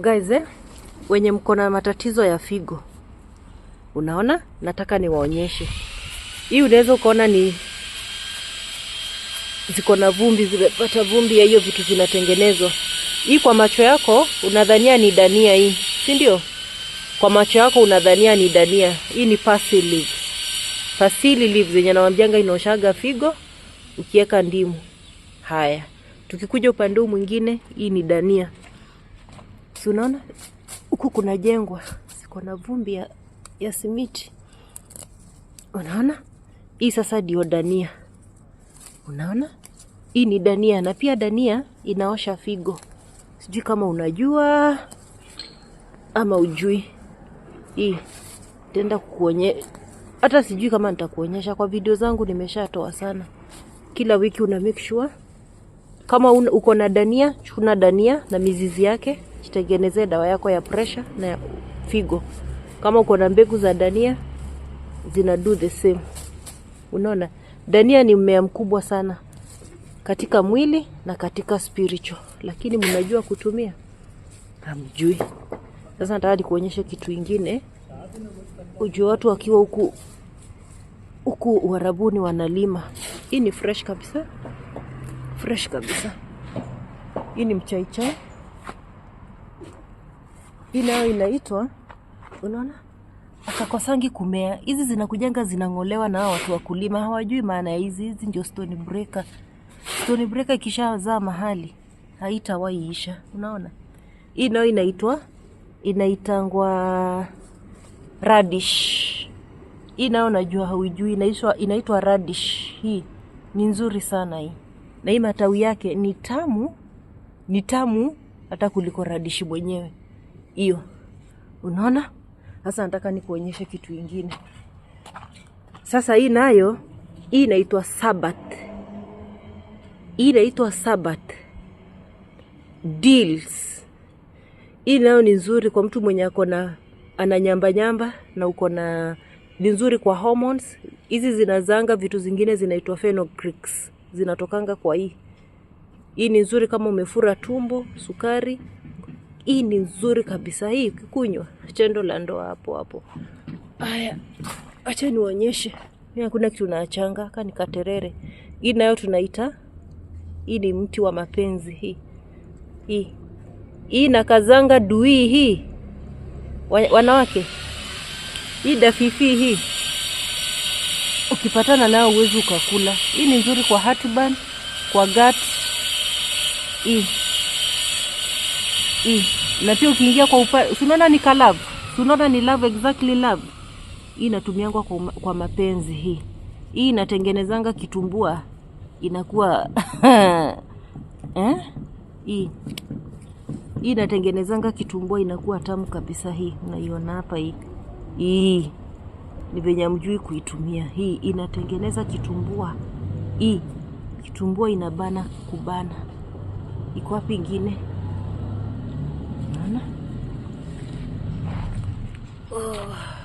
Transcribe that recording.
Guys, eh, wenye mko na matatizo ya figo, unaona, nataka niwaonyeshe hii. Unaweza ukaona ni ziko na vumbi, zimepata vumbi ya hiyo vitu zinatengenezwa. Hii kwa macho yako unadhania ni dania hii, si ndio? Kwa macho yako unadhania ni dania hii, ni parsley Parsley zenye nawambianga inaoshaga figo ukiweka ndimu. Haya, tukikuja upande huu mwingine, hii ni dania Si unaona huku kunajengwa, siko na vumbi ya, ya simiti. Unaona hii sasa ndio dania, unaona hii ni dania, na pia dania inaosha figo. Sijui kama unajua ama ujui. Hii tenda kuonye hata sijui kama nitakuonyesha kwa video zangu, nimeshatoa sana. Kila wiki una make sure kama uko na dania, chuna dania na mizizi yake jitengenezee dawa yako ya pressure na figo. Kama uko na mbegu za dania zina do the same. Unaona, dania ni mmea mkubwa sana katika mwili na katika spiritual, lakini mnajua kutumia? Hamjui. Sasa nataka nikuonyeshe kitu ingine. Ujua watu wakiwa huku huku Uarabuni wanalima. Hii ni fresh kabisa, fresh kabisa. Hii ni mchaichai hii nayo inaitwa unaona akakosangi kumea. Hizi zinakujanga zinang'olewa na hao watu wakulima, hawajui maana ya hizi. Hizi ndio stone breaker. Stone breaker ikishazaa mahali haitawaiisha, unaona. Hii nayo inaitwa inaitangwa radish. Hii nayo najua haujui, inaitwa inaitwa radish. Hii ni nzuri sana hii, na hii matawi yake ni tamu, ni tamu hata kuliko radishi mwenyewe hiyo. Unaona? Sasa nataka nikuonyeshe kitu kingine. Sasa hii nayo hii inaitwa sabat, Hii inaitwa sabat deals. Hii nayo ni nzuri kwa mtu mwenye ako na ana nyamba nyamba na uko na ni nzuri kwa hormones. Hizi zinazanga vitu zingine zinaitwa fenugreeks, zinatokanga kwa hii. Hii ni nzuri kama umefura tumbo, sukari hii ni nzuri kabisa hii, ukikunywa tendo la ndoa hapo hapo. Haya, acha nionyeshe. Mimi kitu naachanga aka nikaterere. Hii nayo tunaita hii ni mti wa mapenzi hii. Hii. Hii na kazanga dui hii. Wanawake. Hii dafifi hii. Ukipatana nayo uwezi ukakula. Hii ni nzuri kwa heartburn, kwa gat Hii. Hii na pia ukiingia kwa upa, unaona ni kalove, unaona ni love exactly love. Hii inatumiangwa kwa, kwa mapenzi hii hii inatengenezanga kitumbua inakuwa eh? hii hii inatengenezanga kitumbua inakuwa tamu kabisa. Hii unaiona hapa, hii hii ni venye mjui kuitumia. Hii inatengeneza kitumbua, hii kitumbua inabana kubana. Iko wapi ingine? 哦。